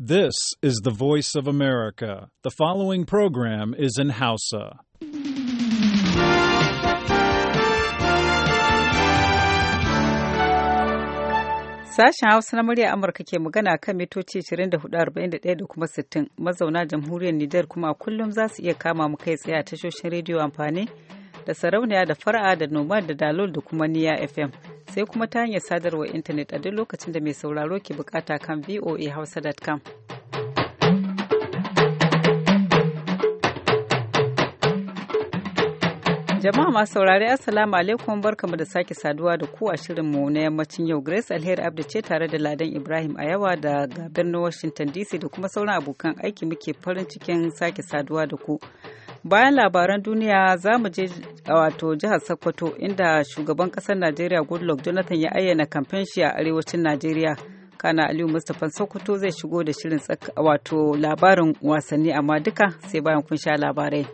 This is the voice of America. The following program is in Hausa. Sashen Hausa na murya Amurka ke magana kan mitoci 24,41 da kuma 60 mazauna jamhuriyar Nijar kuma kullum za su iya kama mu kai tsaye a tashoshin rediyo amfani da sarauniya da fara'a da noma da dalol da kuma niya fm sai kuma ta hanyar sadarwar intanet a duk lokacin da mai sauraro ke bukata kan voahausa.com jama'a masu saurari assalamu alaikum barkamu da sake saduwa da ku a shirin mu na yammacin yau grace alheri abdu ce tare da ladan ibrahim a yawa da birnin washington dc da kuma sauran abokan aiki muke farin cikin sake saduwa da ku bayan labaran duniya za mu je wato jihar sokoto inda shugaban kasar najeriya goodluck jonathan ya ayyana kamfen shi a arewacin najeriya kana aliyu mustapha sokoto zai shigo da shirin wato labarin wasanni amma duka sai bayan kun sha labarai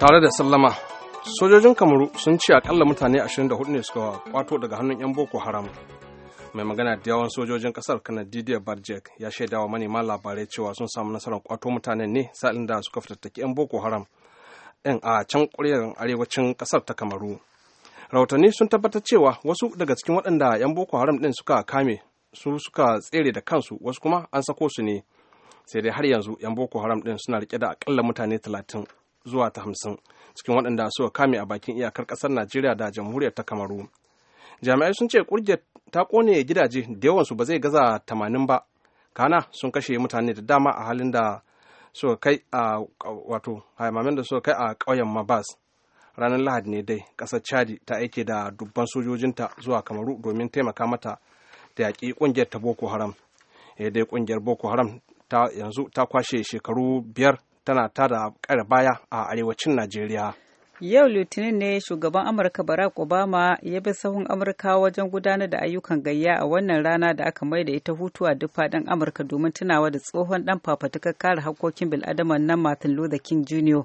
tare da sallama sojojin kamaru sun ce akalla mutane 24 ne suka kwato daga hannun 'yan boko haram mai magana da yawan sojojin kasar kanar didiya barjek ya wa manema labarai cewa sun samu nasarar kwato mutanen ne sa'ilin da suka fitattaki 'yan boko haram 'yan a can kuryar arewacin kasar ta kamaru rahotanni sun tabbatar cewa wasu daga cikin waɗanda 'yan boko haram din suka kame su suka tsere da kansu wasu kuma an sako su ne sai dai har yanzu 'yan boko haram ɗin suna rike da akalla mutane talatin zuwa ta hamsin cikin waɗanda suka kame a bakin iyakar kasar najeriya da jamhuriyar ta kamaru jami'ai sun ce kurje ta kone gidaje da yawansu ba zai gaza tamanin ba kana sun kashe mutane da dama a halin da suka kai a wato haimamin da suka kai a ƙauyen mabas ranar lahadi ne dai ƙasar chadi ta aike da dubban sojojinta zuwa kamaru domin taimaka mata da yaƙi ƙungiyar ta boko haram e dai ƙungiyar boko haram ta yanzu ta kwashe shekaru biyar tana tada ƙara baya a arewacin najeriya Yau Litinin ne shugaban Amurka Barack Obama ya bi sahun Amurka wajen gudanar da ayyukan gayya a wannan rana da aka mai da ita hutu a duk faɗin Amurka domin tunawa da tsohon ɗan fafatukar kare hakkokin bil'adaman nan Martin Luther King Jr.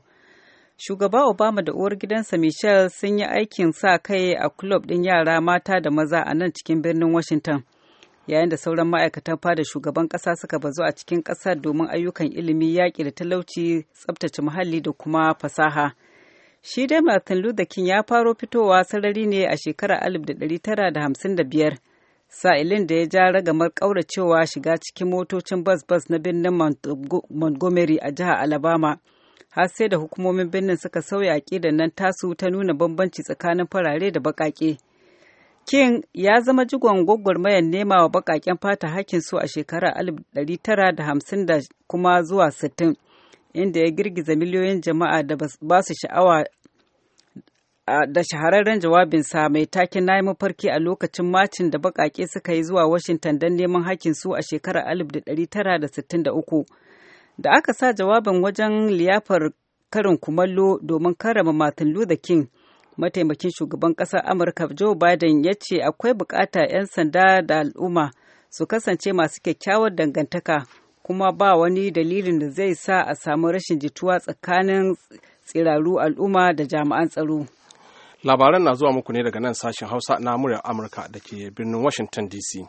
Shugaba Obama da uwar gidansa Michelle sun yi aikin sa kai a kulob ɗin yara mata da maza a nan cikin birnin Washington. Yayin da sauran ma'aikatan fada shugaban ƙasa suka bazu a cikin ƙasar domin ayyukan ilimi, yaƙi da talauci, tsabtace muhalli da kuma fasaha. Shi dai Martin Luther King ya faro fitowa sarari ne a shekarar biyar sa'ilin da ya ja ragamar ƙauracewa shiga cikin motocin bas-bas na birnin Montgomery a jihar Alabama. Har sai da hukumomin birnin suka sauya aƙidar nan tasu ta nuna bambanci tsakanin farare da baƙaƙe. King ya zama jigon gwagwarmayar nema wa baƙaƙen fata hakkin su a shekarar 1950 kuma zuwa sittin. inda ya girgiza miliyoyin jama'a da ba su sha'awa da shahararren jawabinsa mai takin na mafarki a lokacin macin da baƙaƙe suka yi zuwa washington don neman hakkin su a shekarar 1963 da aka sa jawabin wajen liyafar karin kumallo domin karama martin luther king mataimakin shugaban ƙasar amurka joe biden ya ce akwai bukata 'yan sanda da al'umma su kasance masu kyakkyawar dangantaka kuma ba wani dalilin da zai sa a samu rashin jituwa tsakanin tsiraru al'umma da jami'an tsaro. Labaran na zuwa muku ne daga nan sashen Hausa na muryar Amurka da ke birnin Washington DC.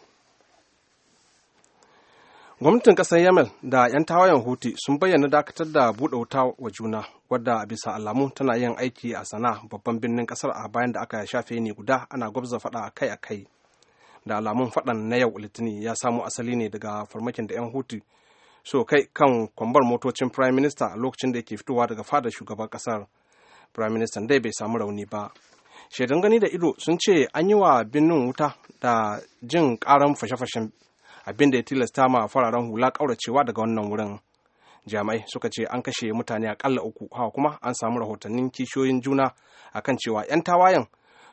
Gwamnatin ƙasar Yemen da 'yan tawayen Hutu sun bayyana dakatar da buɗe wuta wa juna wadda bisa alamu tana yin aiki a sana babban birnin ƙasar a bayan da aka shafe ni guda ana gwabza faɗa akai-akai. Da alamun faɗan na yau Litinin ya samo asali ne daga farmakin da 'yan Hutu. so kai kan kwambar motocin prime minister a lokacin da yake fitowa daga fadar shugaban kasar prime minister dai bai samu rauni ba shaidan gani da ido sun ce an yi wa binnin wuta da jin karan fashe-fashen abin da ya tilasta ma fararen hula kauracewa daga wannan wurin jami'ai suka ce an kashe mutane akalla uku hawa kuma an samu rahotannin kishiyoyin juna akan cewa 'yan tawayen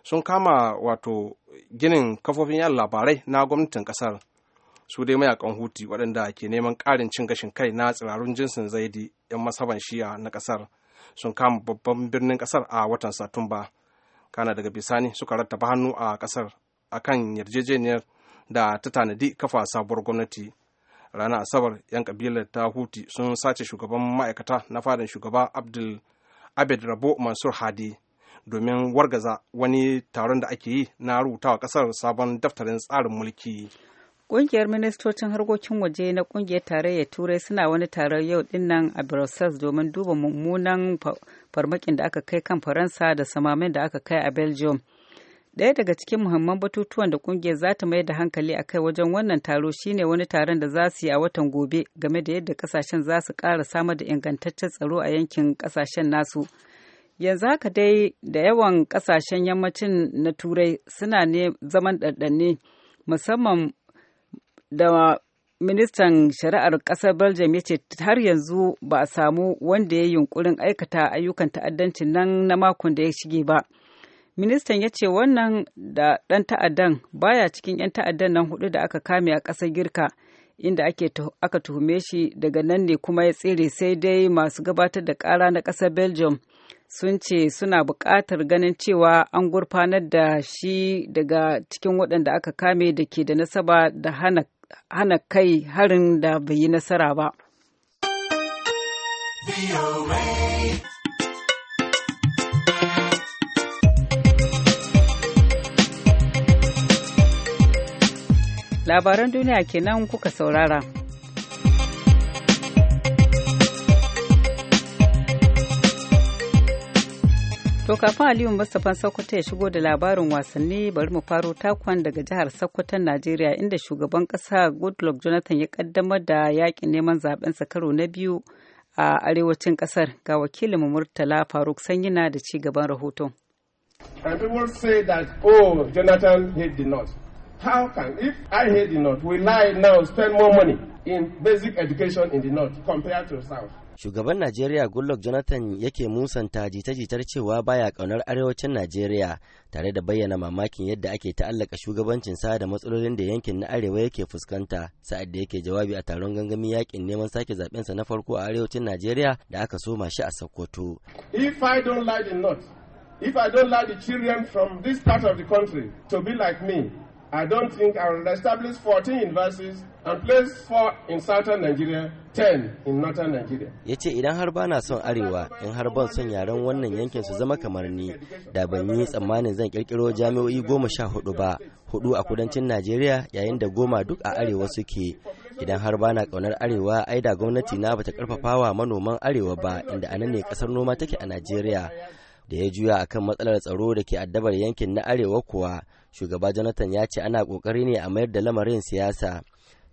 sun kama wato ginin kafofin yan labarai na gwamnatin kasar su dai mayakan huti waɗanda ke neman ƙarin cin gashin kai na tsirarun jinsin zaidi 'yan masaban shiya na ƙasar sun kama babban birnin ƙasar a watan satumba kana daga bisani suka rattaba hannu a ƙasar a kan yarjejeniyar da ta tanadi kafa sabuwar gwamnati ranar asabar 'yan kabilar ta huti sun sace shugaban ma'aikata na fadin shugaba abdul abed rabo mansur hadi domin wargaza wani taron da ake yi na rubutawa ƙasar sabon daftarin tsarin mulki Ƙungiyar ministocin harkokin waje na ƙungiyar tarayyar Turai suna wani taron yau dinnan a Brussels domin duba mummunan farmakin da aka kai kan Faransa da samamin da aka kai a Belgium. Daya daga cikin muhimman batutuwan da ƙungiyar za ta mayar da hankali a kai wajen wannan taro shine wani taron da za su yi a watan gobe game da yadda ƙasashen za su ƙara samar da ingantaccen tsaro a yankin ƙasashen nasu. yanzu haka dai da yawan ƙasashen yammacin na turai suna ne zaman ɗanɗanne musamman da ministan shari'ar ƙasar belgium ya ce har yanzu ba a samu wanda ya yunkurin aikata ayyukan ta'addancin nan na makon da ya shige ba ministan ya ce wannan da ɗan ta'addan baya cikin 'yan ta'addan nan hudu da aka kame a ƙasar girka inda ake aka tuhume shi daga nan ne kuma ya tsere sai dai masu gabatar da ƙara na ƙasar belgium sun ce suna buƙatar ganin cewa an gurfanar da shi daga cikin waɗanda aka kame da ke da nasaba da hana hana kai harin da bai yi nasara ba. Labaran duniya kenan kuka saurara. To kafin Aliyu Mustapha Sokoto ya shigo da labarin wasanni bari mu faro takwan daga jihar Sokoton Najeriya inda shugaban kasa Goodluck Jonathan ya kaddamar da yakin neman sa karo na biyu a arewacin kasar ga wakilin Murtala Faruk Sanyina da ci gaban rahoton. And say that oh Jonathan hate the north. How can if I hate the north we lie now spend more money in basic education in the north compared to south? shugaban najeriya goodluck jonathan yake musanta jita-jitar cewa baya kaunar arewacin najeriya tare da bayyana mamakin yadda ake ta'allaka shugabancinsa da matsalolin da yankin na arewa yake fuskanta sa'ad da yake jawabi a taron gangamin yakin neman sake sa na farko a arewacin najeriya da aka soma shi a sokoto if i don't like the north if i don't like the children from this part of the country to be like me I don't think I will establish 14 universities and place 4 in southern Nigeria, 10 in northern Nigeria. Ya ce idan har bana son arewa, in har ban son yaren wannan yankin su zama kamar ni, da ban yi tsammanin zan kirkiro jami'o'i goma sha hudu ba, hudu a kudancin Najeriya yayin da goma duk a arewa suke. Idan har bana kaunar arewa, ai da gwamnati na bata karfafa wa manoman arewa ba, inda anan ne kasar noma take a Najeriya. Da ya juya akan matsalar tsaro da ke addabar yankin na arewa kuwa, shugaba jonathan ya ce ana kokari ne a mayar da lamarin siyasa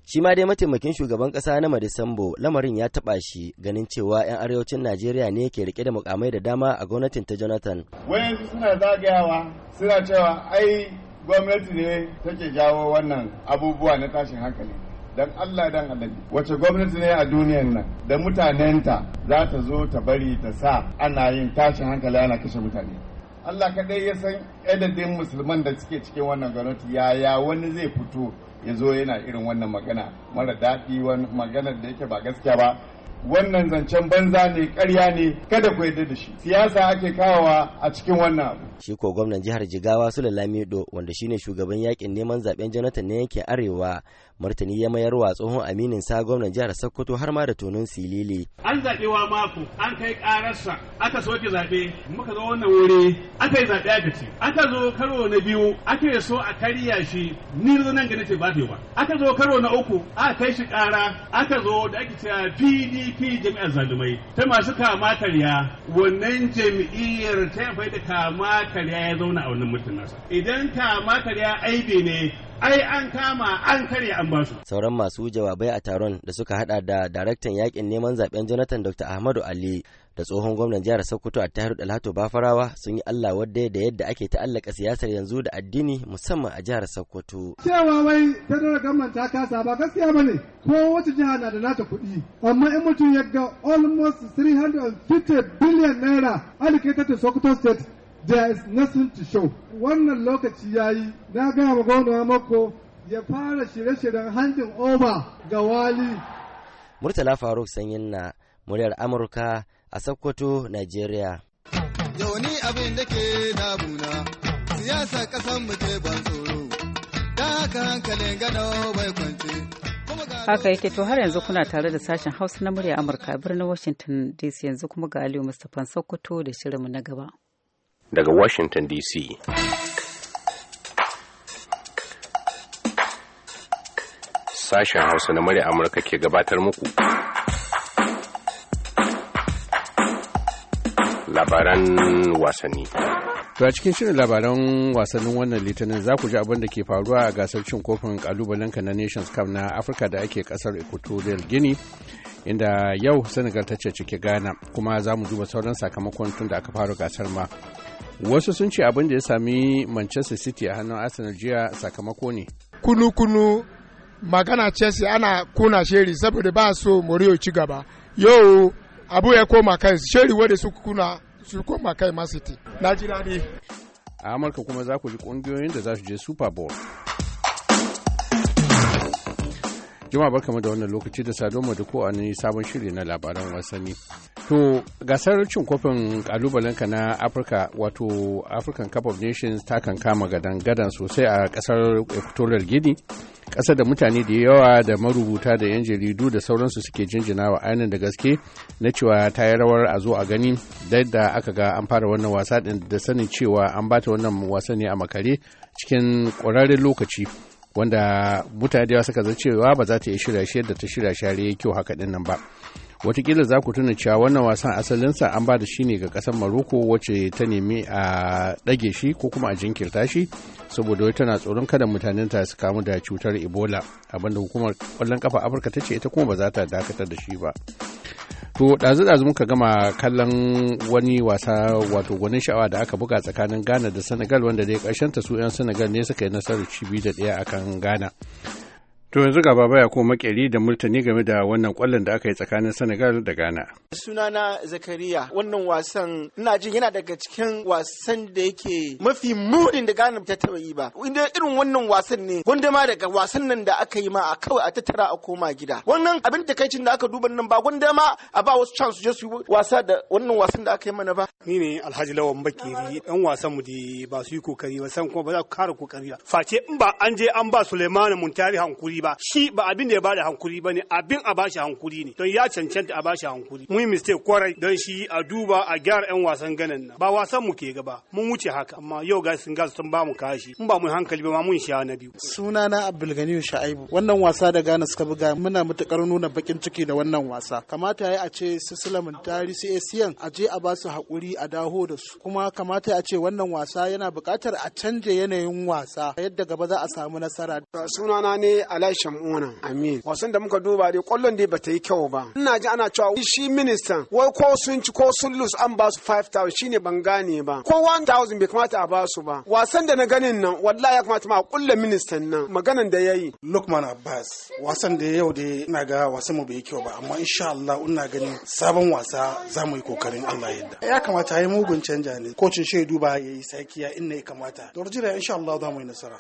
shi ma dai mataimakin shugaban kasa na madisambo lamarin ya taba shi ganin cewa 'yan arewacin najeriya ne ke rike da mukamai da dama a gwamnatin ta jonathan wayan suna zagayawa suna cewa ai gwamnati ne take jawo wannan abubuwa na tashin hankali dan allah dan Allah wace gwamnati ne a duniyan nan da mutanenta za ta zo ta bari ta sa ana yin tashin hankali ana kashe mutane Allah kaɗai ya san adadin musulman da suke cikin wannan gwamnati yaya wani zai fito ya zo yana irin wannan magana mara daɗi wani maganar da yake ba gaskiya ba wannan zancen banza ne karya ne kada ku yarda da shi siyasa ake kawowa a cikin wannan abu shi ko gwamnan jihar jigawa sule lamido wanda shine shugaban yakin neman zaben jonathan na yankin arewa martani ya mayar wa tsohon aminin sa gwamnan jihar sokoto har ma da tonon silili an zaɓe wa mako an kai ƙararsa aka soke zaɓe muka zo wannan wuri aka yi zaɓe aka ce. aka zo karo na biyu aka so a karya shi ni zo nan ga nace ba aka zo karo na uku aka kai shi ƙara aka zo da ake cewa pdp PDP jami'ar zalumai ta masu kama karya wannan jam'iyyar ta yafai da kama karya ya zauna a wannan mutum nasa idan kama karya aibe ne ai an kama an karya an basu sauran masu jawabai a taron da suka hada da daraktan yakin neman zaben Jonathan Dr. Ahmadu Ali da tsohon gwamnan jihar Sokoto a Tahiru Dalhato Bafarawa sun yi Allah wadda da yadda ake ta'allaka siyasar yanzu da addini musamman a jihar Sokoto. Cewa wai federal government ta kasa ba gaskiya ba ne ko wata jiha na da nata kuɗi amma in mutum ya ga almost 350 billion naira allocated to Sokoto state there is nothing to show. Wannan lokaci ya yi na gaya ma gwamna mako ya fara shirye-shiryen handin over ga wali. Murtala Faruk Sanyin na muryar Amurka a Sokoto, Nigeria. Yau ni abin da ke damuna, siyasa ƙasan muke ban tsoro, don haka hankalin gano bai kwance. Haka yake to har yanzu kuna tare da sashen Hausa na murya Amurka birnin Washington DC yanzu kuma ga Aliyu Mustapha Sokoto da shirinmu na gaba. Daga Washington DC. Sashen Hausa na murya Amurka ke gabatar muku. labaran wasanni. To a cikin shirin labaran wasannin wannan litinin za ku ji abin da ke faruwa a gasar cin kofin kalubalen na Nations Cup na Afirka da ake kasar Equatorial Guinea. Inda yau Senegal ta ce cike gana kuma za mu duba sauran sakamakon tun da aka fara gasar ma. Wasu sun ce abin da ya sami Manchester City a hannun Arsenal jiya sakamako ne. Kunu-kunu magana Chelsea ana kuna sheri saboda ba so Mourinho ci gaba. Yau abu ya koma kansu sheri wadda su kuna su koma kai ma city na ji daɗi a amurka kuma za ku ji ƙungiyoyin da za su je super bowl Juma barkamu da wannan lokaci da Saloma da ko wani sabon shiri na labaran wasanni. To gasar cin kofin kalubalenka na Afirka wato African Cup of Nations ta kan kama gadan gadan sosai a kasar Equatorial Guinea. Kasar da mutane da yawa da marubuta da 'yan jaridu da sauransu suke jinjinawa wa ainihin da gaske na cewa ta yi rawar a zo a gani da aka ga an fara wannan wasa da sanin cewa an bata wannan wasa ne a makare cikin ƙwararren lokaci. wanda mutane da suka zai cewa ba za ta iya shirya shi yadda ta shirya share ya kyau haka dinnan ba watakila za ku tuna cewa wannan wasan asalinsa an ba da shi ne ga kasar maroko wacce ta nemi a ɗage shi ko kuma a jinkirta shi saboda wai tana tsoron kada mutanen ta su kamu da cutar ebola abinda hukumar kwallon kafa afirka ta ce ita kuma ba za ta dakatar da shi ba To ɗazu-ɗazu muka gama kallon wani wasa wato gwanin sha'awa da aka buga tsakanin Ghana da Senegal wanda dai ƙarshenta su 'yan Senegal ne suka yi nasarar cibi da ɗaya akan Ghana. To yanzu gaba baya ko makeri da murtani game da wannan kwallon da aka yi tsakanin Senegal da Ghana. Sunana Zakariya wannan wasan ina jin yana daga cikin wasan da yake mafi munin da Ghana ta taba yi ba. Inda irin wannan wasan ne wanda ma daga wasan nan da aka yi ma a kawai a tattara a koma gida. Wannan abin takaicin da aka duba nan ba wanda ma a ba wasu chance je su wasa da wannan wasan da aka yi mana ba. Ni ne Alhaji Lawan Bakiri ɗan wasan mu da ba su yi kokari ba san kuma ba za ku kara kokari ba. Face in ba an je an ba Suleiman Muntari hankuri ba shi ba abin da ya bada hankuri ba ne abin a bashi hankuri ne don ya cancanta a bashi hankuri mun yi mistake kwarai don shi a duba a gyara yan wasan ganin nan ba wasan mu ke gaba mun wuce haka amma yau ga sun gasu sun ba mu kashi mun ba mu hankali ba ma mun sha na biyu Suna sunana abdulganiyu sha'ibu wannan wasa da gana suka buga muna matukar nuna bakin ciki da wannan wasa kamata ya a ce su tari su asiyan a je a ba su haƙuri a daho da su kuma kamata a ce wannan wasa yana buƙatar a canje yanayin wasa yadda gaba za a samu nasara sunana ne layi shamuna amin wasan da muka duba dai kwallon dai bata yi kyau ba ina ji ana cewa shi ministan wai ko sun ci ko sun lose an ba su 5000 shine ban gane ba ko 1000 bai kamata a ba su ba wasan da na ganin nan wallahi ya kamata ma a kulle ministan nan maganan da yayi Lukman Abbas wasan da yau dai ina ga wasan mu bai kyau ba amma insha Allah ina ganin sabon wasa za mu yi kokarin Allah yadda ya kamata yayi mugun canja ne kocin shaidu ba yayi sakiya inna ya kamata dorjira insha Allah za mu yi nasara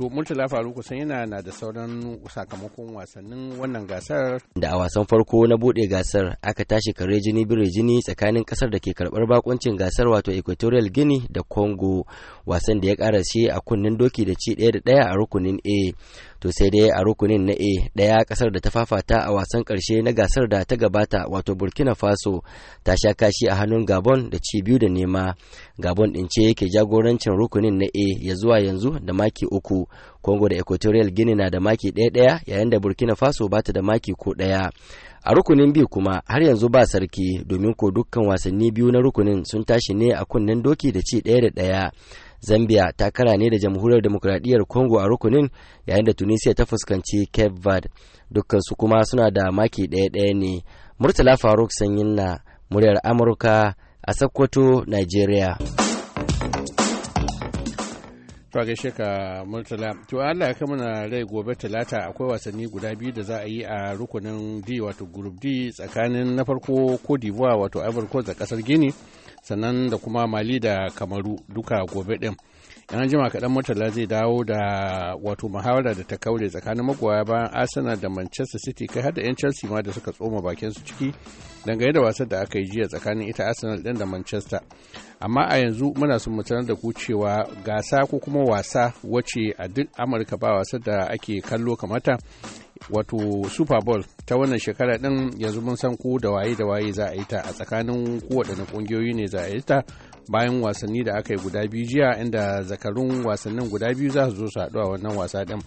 To Murtala faru kusan yana na da sauran sakamakon wasannin wannan gasar. Da a wasan farko na bude gasar aka tashi kare jini bire jini tsakanin kasar da ke karbar bakuncin gasar wato Equatorial Guinea da Congo wasan da ya karashe a kunnen doki da ci daya da daya a rukunin A. to sai dai a rukunin na a ɗaya ƙasar da ta fafata a wasan ƙarshe na gasar da ta gabata wato burkina faso ta sha kashi a hannun gabon da ci biyu da nema gabon ɗin ce yake jagorancin rukunin na a ya zuwa yanzu da maki uku congo da equatorial guinea na da maki ɗaya ɗaya yayin da burkina faso ba ta da maki ko ɗaya a rukunin biyu kuma har yanzu ba sarki domin ko dukkan wasanni biyu na rukunin sun tashi ne a kunnen doki da ci ɗaya da ɗaya zambia ta kara ne da jamhuriyar demokuraɗiyyar congo a rukunin yayin da tunisia ta fuskanci cape verde dukkansu kuma suna da maki ɗaya-ɗaya ne murtala faruk sanyin na muryar amurka a sokoto nigeria to gaishe ka murtala to allah ya kama na rai gobe talata akwai wasanni guda biyu da za a yi a rukunin d wato group d tsakanin na farko ko divoire wato ivory coast da kasar guinea sannan da kuma mali da kamaru duka gobe ɗin yan jima kaɗan murtala zai dawo da wato muhawara da ta kaure tsakanin magoya bayan arsenal da manchester city kai har da yan chelsea ma da suka tsoma bakin su ciki dangane da wasan da aka yi jiya tsakanin ita arsenal din da manchester amma a yanzu muna son mu sanar da ku cewa gasa ko kuma wasa wace a duk amurka ba wasa da ake kallo kamata wato super bowl ta wannan shekara din yanzu mun san ko da waye da waye za a yi ta a tsakanin kowaɗanne kungiyoyi ne za a yi ta bayan wasanni da aka yi guda biyu jiya inda zakarun wasannin guda biyu za su zo su haɗu a wannan wasa din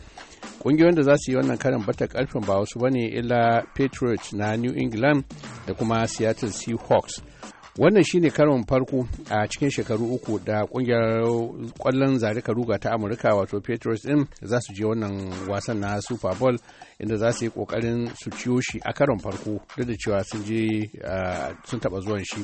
ƙungiyoyin da za su yi wannan karin bata karfin ba wasu bane illa patriots na new england da kuma seattle seahawks wannan shine karon farko a cikin shekaru uku da kungiyar kwallon zarika ruga ta amurka wato petros din za su je wannan wasan na super bowl inda za su yi kokarin su ciyo shi a karon farko duk da cewa sun je sun taba zuwan shi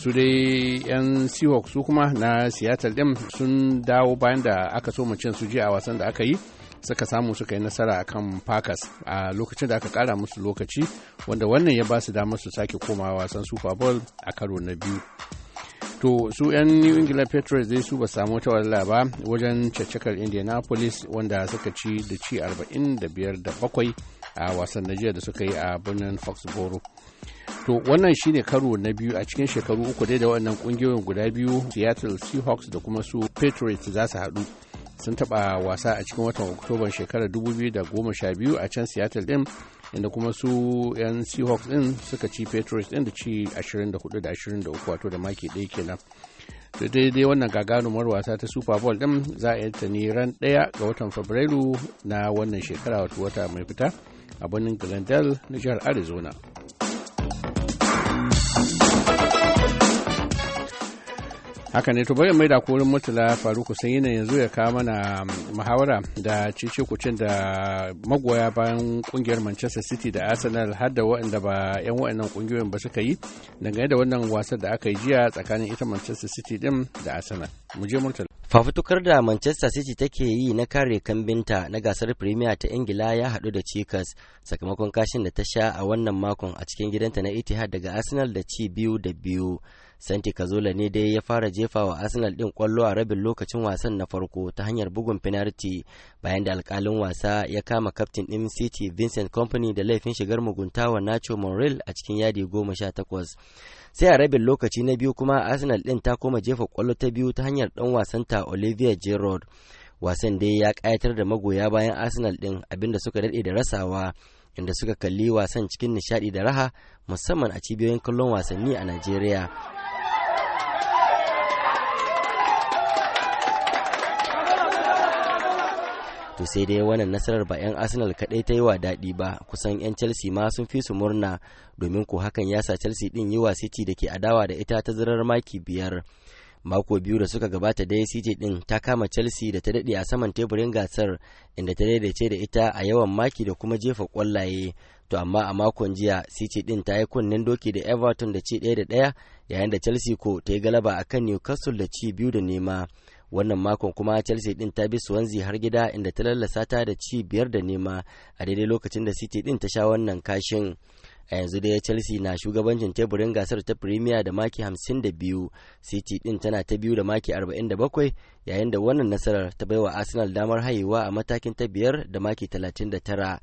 su dai yan seahawks su kuma na seattle din sun dawo bayan da aka so mu cin su je a wasan da aka yi suka samu suka yi nasara kan Packers a lokacin da aka kara musu lokaci wanda wannan ya ba su damar su sake komawa wasan Super Bowl a karo na biyu. to su 'yan new england patriots dai su ba samu wata walla ba wajen caccakar indianapolis wanda suka ci da ci 45 da bakwai a wasan na jiya da suka yi a birnin foxboro to wannan shine karo na biyu a cikin shekaru uku dai da wannan kungiyoyin guda biyu seattle seahawks da kuma su patriots za su haɗu sun taba wasa a cikin watan oktoban shekarar 2012 a can seattle din inda kuma su 'yan seahawks din suka ci patriots din da ci 24 da 23 wato da maki ɗaya kenan da daidai wannan gagarumar wasa ta super bowl din za a yi ta ne ran ɗaya ga watan fabrairu na wannan shekara wata mai fita a birnin glendale na jihar arizona haka ne to bari mai da korin mutula faru kusan yana yanzu ya kawo mana um, muhawara da cece kucin da magoya bayan kungiyar manchester city da arsenal har da waɗanda ba 'yan waɗannan kungiyoyin ba suka yi dangane da wannan wasan da aka yi jiya tsakanin ita manchester city din da arsenal mu je murtala fafutukar da manchester city take yi na kare kambinta na gasar premier ta ingila ya haɗu da cikas sakamakon kashin da ta sha a wannan makon a cikin gidanta na itihad daga arsenal da ci biyu da biyu santi kazola ne dai ya fara jefa wa arsenal din kwallo a rabin lokacin wasan na farko ta hanyar bugun penalty bayan da alkalin wasa ya kama kaftin din city vincent company da laifin shigar mugunta wa nacho monreal a cikin yadi goma sha takwas sai a rabin lokaci na biyu kuma arsenal din ta koma jefa kwallo ta biyu ta hanyar dan wasanta olivia Giroud, wasan dai ya kayatar da magoya bayan arsenal din abinda suka daɗe da rasawa inda suka kalli wasan cikin nishadi da raha musamman a cibiyoyin kallon wasanni a Najeriya. To sai dai wannan nasarar ba 'yan Arsenal kaɗai ta yi wa daɗi ba kusan 'yan Chelsea ma sun fi su murna domin ko hakan ya sa Chelsea ɗin yi wa City da ke adawa da ita ta zarar maki biyar. mako biyu da suka gabata dai city din ta kama chelsea da ta daɗe a saman teburin gasar inda ta daidaice da ita a yawan maki da kuma jefa kwallaye to amma a makon jiya city din ta yi kunnen doki da everton da ci ɗaya da ɗaya yayin da chelsea ko ta yi galaba a kan newcastle da ci biyu da nema wannan makon kuma chelsea din ta bi swansea har gida inda ta lallasa ta da ci biyar da nema a daidai lokacin da city din ta sha wannan kashin a yanzu dai chelsea na shugabancin teburin gasar ta premier da maki 52 city din tana ta biyu da maki 47 yayin da wannan nasarar ta baiwa arsenal damar hayewa a matakin ta biyar da maki 39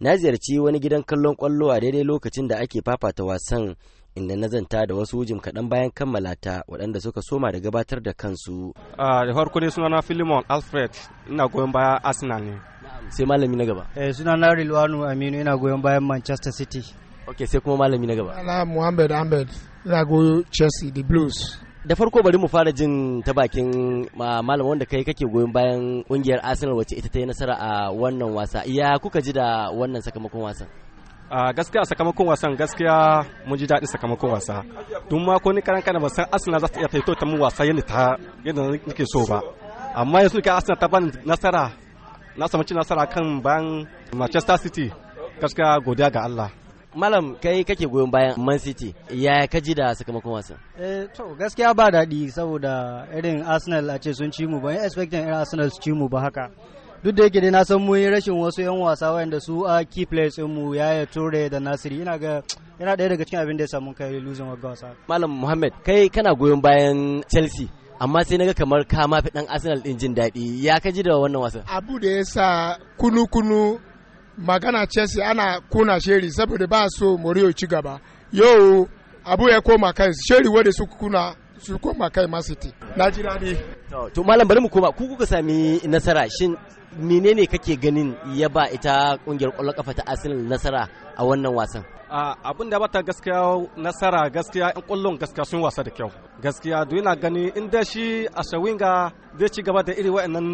na ziyarci wani gidan kallon kwallo a daidai lokacin da ake fafata wasan inda na zanta da wasu jim kaɗan bayan kammala ta waɗanda suka soma da gabatar da kansu. da farko suna sunana filimon alfred ina goyon baya arsenal ne sai malami na gaba Suna eh, sunana rilwanu aminu ina goyon bayan manchester city ok sai kuma malami na gaba ala muhammad ahmed ina chelsea the blues da farko bari mu fara jin ta bakin malam wanda kai kake goyon bayan kungiyar arsenal wacce ita ta yi nasara a wannan wasa iya kuka ji da wannan sakamakon wasan a gaskiya sakamakon wasan gaskiya mun ji daɗin sakamakon wasa tun ma ko ni karan kana san arsenal za ta iya taito ta mu wasa yadda ta yadda nake so ba amma yanzu ka arsenal ta bani nasara na samu nasara kan bayan manchester city gaskiya godiya ga allah malam kai kake goyon bayan man city ya ka ji da sakamakon wasan eh to gaskiya ba daɗi saboda irin arsenal a ce sun ci mu ba yin expecting irin arsenal su ci mu ba haka duk da yake dai na san mun rashin wasu yan wasa wanda su a key players din mu yaya ture da nasiri ina ga yana ɗaya daga cikin abin da ya samu kai losing wa wasa malam muhammad kai kana goyon bayan chelsea amma sai naga kamar ka mafi dan arsenal din jin daɗi ya kaji da wannan wasan abu da ya sa kunu kunu magana chelsea ana kuna sheri saboda ba so moriyo ci gaba yau abu ya koma kai sheri wadda su kuna su koma kai ma city na ji daɗi to malam bari mu koma ku kuka sami nasara shin menene kake ganin ya ba ita kungiyar kwallon kafa ta arsenal nasara a wannan wasan abin da bata gaskiya nasara gaskiya in kullum gaskiya sun wasa da kyau gaskiya duk yana gani in da shi a shawinga zai ci gaba da iri wa'annan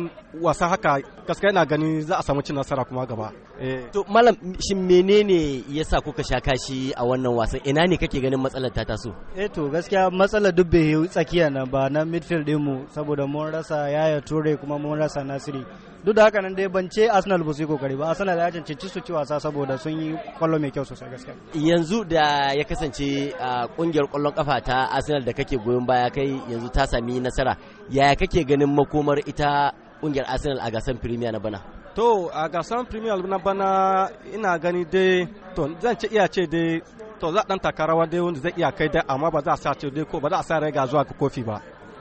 wasa haka gaskiya na gani za a samu cin nasara kuma gaba eh. to malam shin menene yasa kuka sha kashi a wannan wasan ina ne kake ganin matsalar ta taso eh to gaskiya matsalar dubbe tsakiya na ba na midfield din mu saboda mun rasa yaya ture kuma mun rasa nasiri duk da haka nan dai ban ce Arsenal ba su yi kokari ba Arsenal ya cancanci su ci wasa saboda sun yi kwallo mai kyau sosai gaskiya yanzu da ya kasance kungiyar kwallon kafa ta Arsenal da kake goyon baya kai yanzu ta sami nasara yaya kake ganin makomar ita kungiyar Arsenal a gasar Premier na bana to a gasar Premier na bana ina gani dai to zan ce iya ce dai to za dan taka rawa dai wanda zai iya kai dai amma ba za a sa ce dai ko ba za a sa rai ga zuwa kofi ba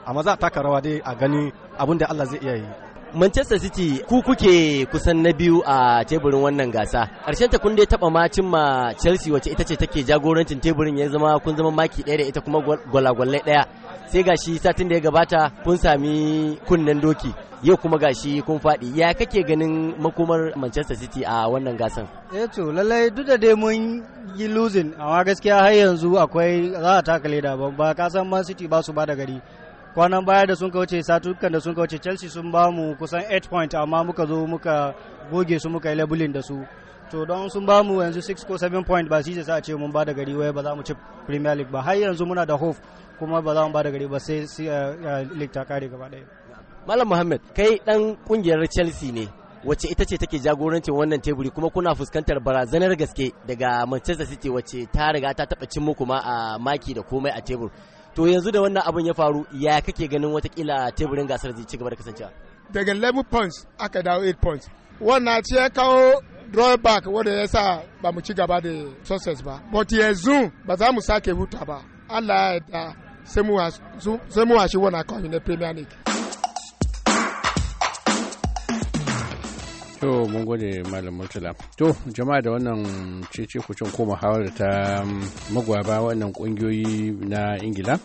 amma za a taka rawa dai a gani abin da Allah zai iya yi Manchester City ku kuke kusan na biyu a teburin wannan gasa. Ƙarshen ta kun dai taɓa ma cimma Chelsea wacce ita ce take jagorancin teburin ya zama kun zama maki ɗaya da ita kuma gwalagwalai ɗaya. Sai gashi satin da ya gabata kun sami kunnen doki. yau kuma gashi kun faɗi ya kake ganin makomar Manchester City a wannan gasan? Eh to lallai duk da dai mun yi losing amma gaskiya har yanzu akwai za a taka leda ba ka san Man City ba su ba da gari kwanan baya da sun kauce satukan da sun kauce chelsea sun ba mu kusan 8 point amma muka zo muka goge su muka yi labulin da su to don sun ba mu yanzu 6 ko 7 point ba sisa sa a ce mun ba da gari wai ba za mu ci premier league ba har yanzu muna da hope kuma ba za mu ba da gari ba sai eh, eh, league ta kare gaba daya malam muhammad kai dan kungiyar chelsea ne wacce ita ce take jagorancin wannan teburi kuma kuna fuskantar barazanar gaske daga manchester city wacce ta riga ta taba cin muku ma a ah, maki da komai a tebur to yanzu da wannan abin ya faru ya kake ganin watakila teburin gasar zai ci gaba da kasancewa daga 11 points aka dawo 8 points wannan ce ya kawo drawback wanda ya sa ba mu ci gaba da success ba but yanzu ba za mu sake huta ba Allah ya yarda sai mu washi wannan kawai na premier league To mun gode Malam Murtala. To jama'a da wannan cece kucin ko muhawara ta um, magwaba wannan kungiyoyi na Ingila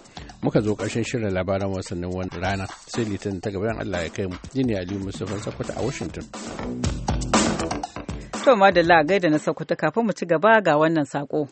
muka zo ƙarshen shirin labaran wasannin wani rana sai litinin ta gaban Allah ya kai mu. Ni ne Aliyu Mustapha Sakwata a Washington. To madalla da na Sokoto kafin mu ci gaba ga wannan sako.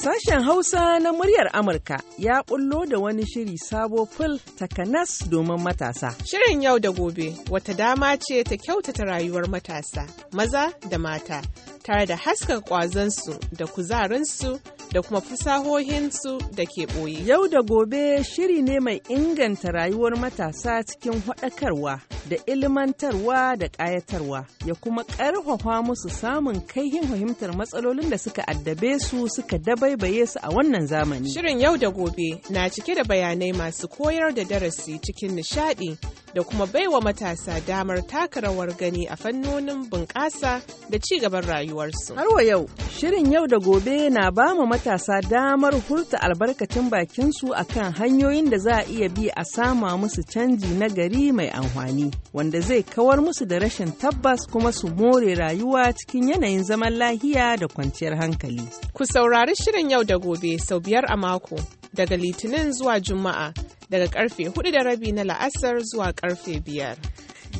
Sashen Hausa na muryar Amurka ya ɓullo da wani shiri sabo fil takanas domin matasa. Shirin yau da gobe wata dama ce ta kyautata rayuwar matasa, maza da mata, tare da haska kwazansu da kuzarinsu da kuma fasahohinsu da ke ɓoye. Yau da gobe shiri ne mai inganta rayuwar matasa cikin haɗakarwa da ilmantarwa da ƙayatarwa ya kuma ƙarfafa musu samun kaihin fahimtar matsalolin da suka addabe su suka dabaibaye su a wannan zamani. Shirin yau da gobe na cike da bayanai masu koyar da darasi cikin nishaɗi da kuma baiwa matasa damar taka rawar gani a fannonin bunƙasa da ci gaban rayuwarsu. Har wa yau, shirin yau da gobe na ba mu matasa damar hurta albarkacin bakinsu a kan hanyoyin da za a iya bi a sama musu canji na gari mai amfani, wanda zai kawar musu da rashin tabbas kuma su more rayuwa cikin yanayin zaman lahiya da kwanciyar hankali. Ku saurari shirin yau da gobe sau biyar a mako, daga Litinin zuwa Juma'a. daga karfe 4 da rabi na la'asar zuwa karfe biyar.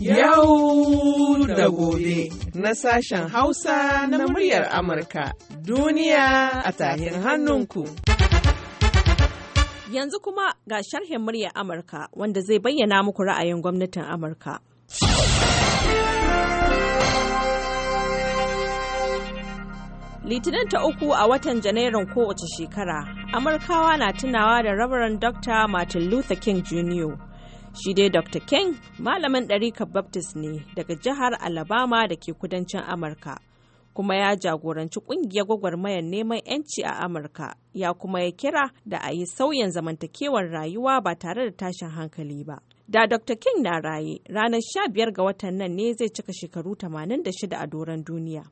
Yau da gobe na sashen Hausa na muryar Amurka duniya a tahin hannunku. Yanzu kuma ga sharhin muryar Amurka wanda zai bayyana muku ra'ayin gwamnatin Amurka. litinin ta uku a watan janairun kowace shekara amurkawa na tunawa da rabaran dr martin luther king jr shi dai dr king malamin ɗarika baptist ne daga jihar alabama da ke kudancin amurka kuma ya jagoranci kungiyar gwagwarmayar neman 'yanci a amurka ya kuma ya kira da a yi sauyin zamantakewar rayuwa ba tare da tashin hankali ba da dr king na raye ranar 15 ga watan nan ne zai cika shekaru 86 a doron duniya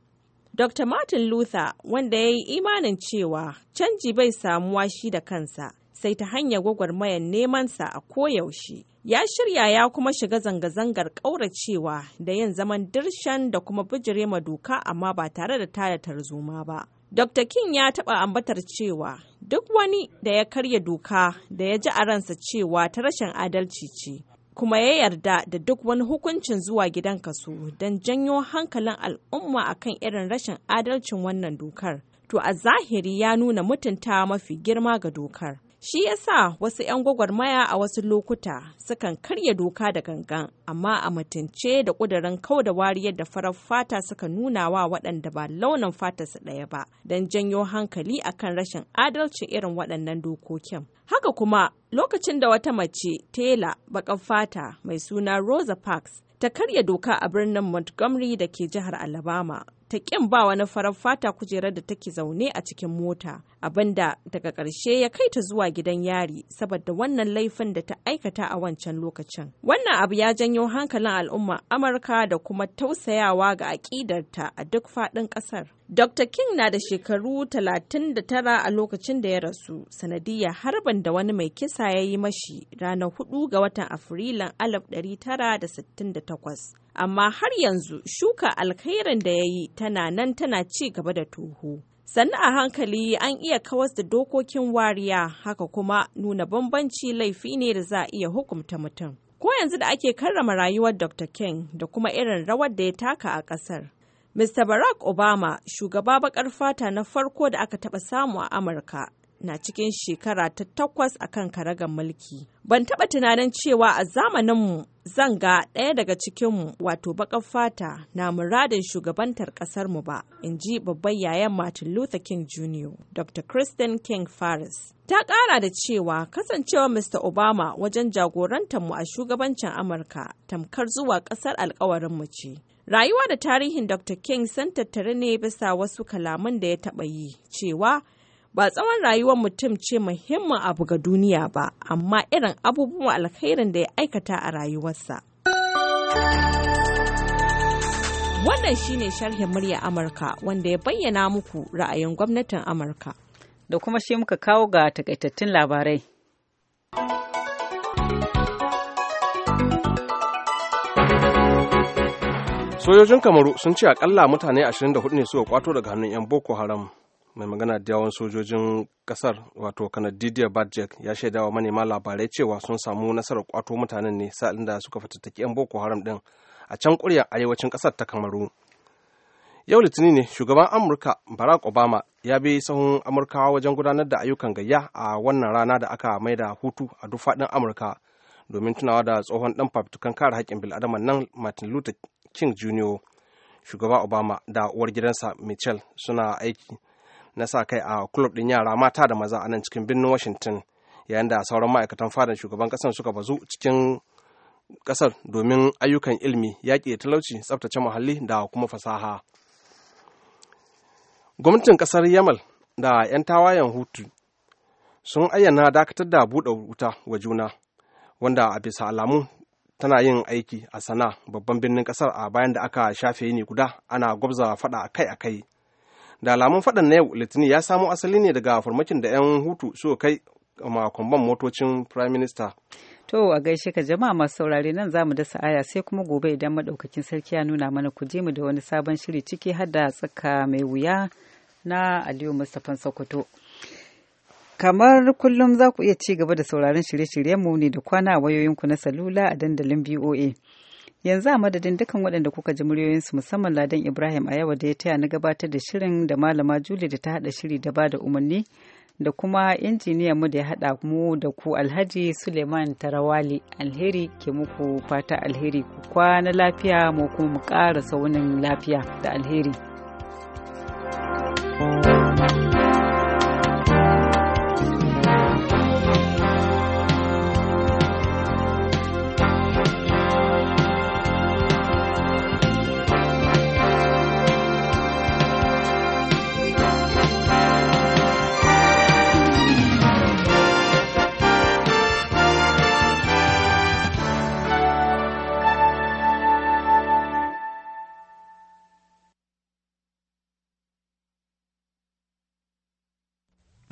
Dr. Martin Luther wanda ya yi imanin cewa canji bai samuwa shi da kansa sai ta hanyar gwagwarmayar nemansa a koyaushe. Ya shirya ya kuma shiga zanga-zangar ƙauracewa da yin zaman dirshan da kuma bijire ma doka amma ba tare da tada tarzoma ba. Dr. King ya taɓa ambatar cewa duk wani da ya karya doka da ya ji a ransa cewa ta rashin adalci ce, kuma ya yarda da duk wani hukuncin zuwa gidan kasu don janyo hankalin al'umma akan irin rashin adalcin wannan dokar to a zahiri ya nuna mutunta mafi girma ga dokar Shi yasa wasu 'yan gwagwarmaya a wasu lokuta sukan karya doka da gangan, amma a mutunce da ƙudurin kau da wariyar da farar fata suka nuna wa waɗanda ba launin su ɗaya ba, don janyo hankali akan rashin adalcin irin waɗannan dokokin. Haka kuma lokacin da wata mace tela baƙar fata mai suna Rosa Parks ta karya doka a birnin Montgomery da ke jihar Alabama ta ƙin ba wani farar fata kujerar da take zaune a cikin mota abinda daga ƙarshe ya kai ta zuwa gidan yari saboda wannan laifin da ta aikata a wancan lokacin wannan abu ya janyo hankalin al'umma amurka da kuma tausayawa ga aƙidarta a duk faɗin ƙasar Dr. King na da shekaru 39 a lokacin da ya rasu sanadiyar harban da wani mai kisa ya yi mashi ranar 4 ga watan Afrilun 1968. Amma har yanzu shuka alkhairin da ya yi tana nan tana ci gaba da tuhu. Sannu a hankali an iya kawas da dokokin wariya haka kuma nuna bambanci laifi ne da za a iya hukumta mutum. Ko yanzu da ake karrama rayuwar Dr. King da kuma irin rawar da ya taka a ƙasar. Mr. Barack Obama shugaba baƙar fata na farko da aka taɓa samu a Amurka na cikin shekara ta takwas a kan karagar mulki. Ban taɓa tunanin cewa a zamaninmu zan ga ɗaya daga cikinmu wato baƙar fata na muradin shugabantar ƙasarmu ba, in ji babban yayan Martin Luther King Jr. Dr. Kristen King Faris. Ta ƙara da cewa kasancewa Mr. Obama wajen jagorantar mu a shugabancin Amurka tamkar zuwa ƙasar alkawarinmu ce. Rayuwa da tarihin Dr. King san tattare ne bisa wasu kalaman da ya taɓa yi cewa ba tsawon rayuwar mutum ce muhimmin abu ga duniya ba amma irin abubuwan alkhairin da ya aikata a rayuwarsa wannan shine sharhin murya amurka wanda ya bayyana muku ra'ayin gwamnatin amurka da kuma shi muka kawo ga takaitattun labarai sojojin kamaru sun ce akalla mutane 24 ne suka kwato daga hannun 'yan boko haram mai magana da yawon sojojin kasar wato kanar didier badjek ya shaida wa manema labarai cewa sun samu nasarar kwato mutanen ne sa'ilin da suka fatattaki 'yan boko haram din a can kurya arewacin kasar ta kamaru yau litinin ne shugaban amurka barack obama ya bi sahun amurka wajen gudanar da ayyukan gayya a wannan rana da aka mai da hutu a duk faɗin amurka domin tunawa da tsohon ɗan fafutukan kare haƙƙin bil'adama nan martin luther king jr shugaba obama da uwar gidansa michel suna aiki na sa kai a kulob din yara mata da maza a nan cikin birnin washington yayin da sauran ma'aikatan fadar shugaban kasar suka bazu cikin kasar domin ayyukan ilimi yaƙi da talauci tsaftace muhalli da kuma fasaha gwamnatin kasar yamal da 'yan tawayen hutu sun ayyana dakatar da buɗe wuta wa juna wanda a bisa alamu tana yin aiki a sana babban birnin kasar a bayan da aka shafe yini guda ana gwabza fada akai-akai da alamun faɗan na yau litinin ya samo asali ne daga farmakin da 'yan hutu suka kai makonban motocin prime minister To a gaishe ka jama'a masu saurare nan zamu da sa'aya sai kuma gobe idan madaukakin sarki ya nuna mana ku je mu da wani sabon shiri ciki har da tsaka mai wuya na Aliyu Mustapha Sokoto. Kamar kullum za ku iya ci gaba da sauraron shirye-shiryenmu ne da kwana a wayoyinku na salula a dandalin BOA. yanzu a madadin dukkan waɗanda kuka ji muryoyinsu musamman ladan ibrahim a yawa da ya taya na gabatar da shirin da malama juli da ta haɗa shiri da bada umarni da kuma injiniyan mu da ya haɗa mu da ku alhaji suleiman tarawali alheri ke muku fata alheri ku kwana lafiya mu kuma mu ƙara saunin lafiya da alheri